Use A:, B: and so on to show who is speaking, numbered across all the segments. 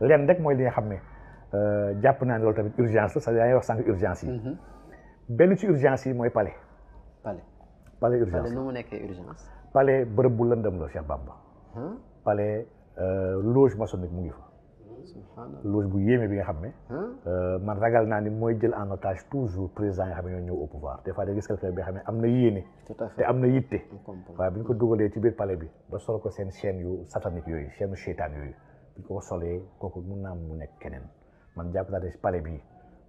A: leen rek mooy li nga xam ne euh, jàpp naa ne loolu tamit urgence la sax yaa ngi wax sànq urgence yi. Mm-hmm. benn ci urgence yi mooy pale palais palais urgence palais nu mu bërëb bu lëndëm la Cheikh Bamba. palais euh, loge maçonnique mu ngi fa. loolu bu yéeme bi nga xam ne. Euh, man ragal naa ni mooy jël en otage toujours président yi ñëw au pouvoir des fois da gis quelqu'un bi nga xam ne am na yéene. te am na yitte. waaye bi ñu ko dugalee ci biir palais bi. ba sol ko seen chaîne yu satanique yooyu chaîne yu seytaan yooyu bi ñu ko solee kooku mun naa mu nekk keneen man jàpp naa ne palais bi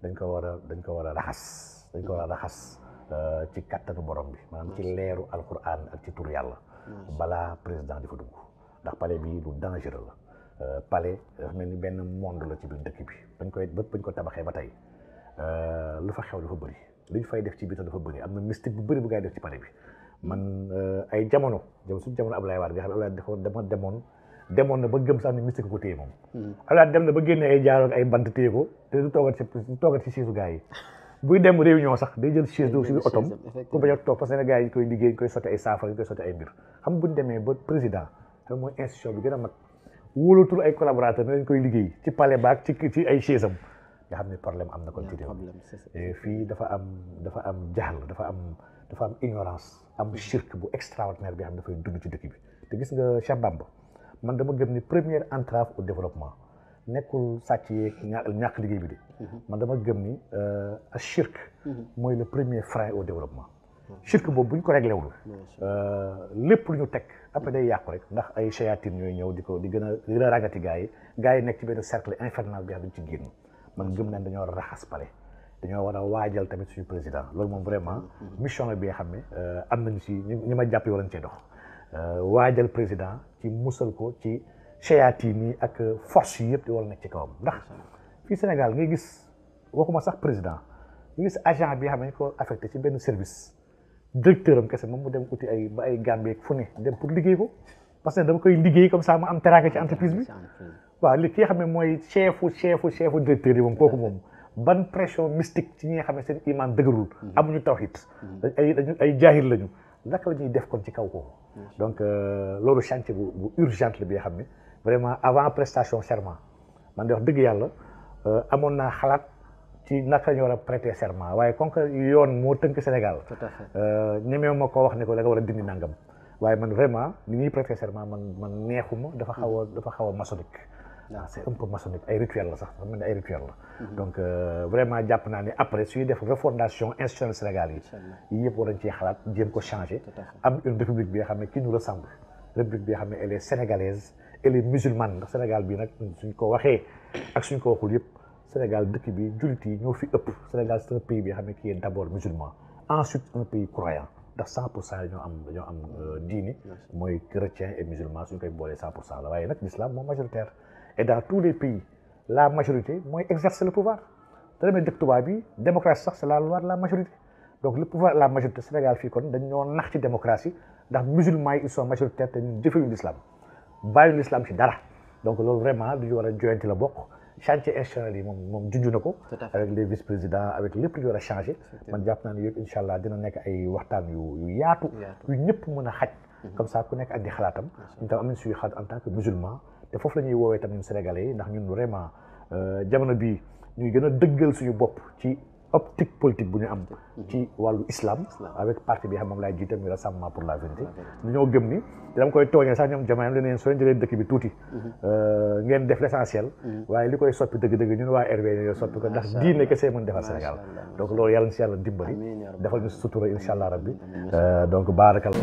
A: dañ ko war a dañ ko war a raxas dañ ko war a raxas. Euh, ci kattanu borom bi maanaam ci leeru alquran ak ci tur yàlla. balaa président di fa dugg ndax palais bi lu la. Euh, palais dafa mel ni benn monde la ci biir dëkk bi bañ koy ba bañ ko tabaxee ba tey euh, lu fa xew dafa bëri lu ñu fay def ci biir dafa bëri am na mystique bu bëri bu ngay def ci palais bi man euh, ay jamono jamono suñu jamono Abdoulaye Wade nga xam ne Abdoulaye dafa demoon demoon na ba gëm sax ni mystique ko téye moom hmm. Abdoulaye dem na ba génne ay jaaroo ak ay bant téye ko te du toogat si du toogat si siisu gars yi buy dem réunion sax day jël chaise do si biir otom pour bañ a toog parce que gars yi koy ay saafara ñu koy sotti demee ba président te mooy institution bi gën a wóolatul ay collaborateur ne dañ koy liggéey ci palais baak ci ci ay chaise am nga xam ne problème am na kon ci réew fii dafa am dafa am jaxal dafa am dafa am ignorance am shirk mm-hmm. bu extraordinaire bi xam ne dafay dund ci dëkk bi te gis nga Cheikh Bamba man dama gëm ni première entrave au développement nekkul sàcc yeeg ñàkk liggéey bi de mm-hmm. man dama gëm ni euh, a shirk mm-hmm. mooy le premier frein au développement shirk boobu bu ñu ko réglé wul euh, lépp lu ñu teg après day yàqu rek ndax ay shayatin ñooy ñëw di ko di gën a di gën a yi gars yi nekk ci benn cercle infernal bi duñ ci génn man gëm nañ dañoo raxas pale dañoo war a waajal tamit suñu président loolu moom vraiment mm-hmm. mission la bi nga xam ne euh, am nañu si ñi ma jàpp yoo cee dox euh, waajal président ci musal ko ci shayatin yi ak force yi yëpp di war a nekk ci kawam ndax fii Sénégal ngay gis waxuma sax président nga gis agent bi nga xam ne ko affecté ci benn service directeur am kese moom mu dem uti ay ba ay dem pour liggéey ko parce que dama koy liggéey comme ça am teraanga ci entreprise bi waaw xam ne mooy chefu chefu chefu directeur yi moom kooku moom ban pression mystique ci ñi nga xam ne seen iman dëgërul mm-hmm. amuñu tawhid mm-hmm. ay dañu ay jaahil lañu naka la ñuy def kon ci kaw kooku donc euh, loolu chantier bu bu urgente la bi nga xam ne vraiment avant prestation serment man de wax dëgg yàlla euh, amoon naa xalaat ci naka ñu a prêter serment waaye comme yoon moo tënk Sénégal. tout à fait euh, ñemee ma ko wax ne ko da nga war a dindi nangam. waaye man vraiment ni ñuy prêter serment man man neexuma dafa xaw a dafa xaw a maçonnique. waaw ah, ah, c' est un peu maçonnique ay rituel la sax dafa mel ni ay rituel la. Mm-hmm. donc euh, vraiment jàpp naa ne après suy def refondation institutionnelle Sénégal yi. yi yëpp war nañ xalaat jéem ko changé am une république bi nga xam ne qui nous ressemble. république bi nga xam ne elle est sénégalaise elle est musulmane ndax Sénégal bi nag suñ ko waxee ak suñ ko yëpp. Sénégal dëkk bi jullit yi ñoo fi ëpp Sénégal c'est un pays bi xam ne qui est d'abord musulman ensuite un pays croyant ndax cent pour cent ñoo am ñoo euh, diini mooy chrétien et musulman suñ koy boolee cent pour la waaye nag l'islam moo majoritaire et dans tous les la majorité mooy exercer le pouvoir te demee dëkk tubaab bi démocratie sax c'est la loi la majorité donc le pouvoir la majorité Sénégal fii kon dañ ñoo nax ci démocratie ndax musulmans yi ils sont majoritaires te ñun jëfewuñu l'islam bàyyiwuñu l'islam ci dara donc loolu vraiment lu ñu war a joyante la bokk chantier institutionnel yi moom moom junj na ko. avec les vice présidents avec lépp lu ñu war a changé. man jàpp naa ne yëpp incha allah dina nekk ay waxtaan yu yaatu. yu ñëpp mën a xaj. Mhm. comme saa ku nekk ak di xalaatam. ñu tam am nañ suñu en tant que musulman. te foofu la ñuy woowee tam ñun sénégalais yi ndax ñun vraiment euh, jamono bii ñuy gën a dëggal suñu bopp ci optique politique bu ñu am mhm. ci wàllu islam avec parti bi xam moom laay jiite muy rassemblement pour la vérité dañoo gëm ni dama koy tooñee sax ñoom jamaayam la neen soo leen jëlee dëkk bi tuuti mhm. euh, ngeen def l'essentiel mhm. waaye li koy soppi dëgg-dëgg ñun waa RV ñoo soppi ko ndax diine kese mën defar Sénégal donc loolu yàlla ñu si yàlla dimbali defal ñu sutura insha allah rabbi euh, donc baarakal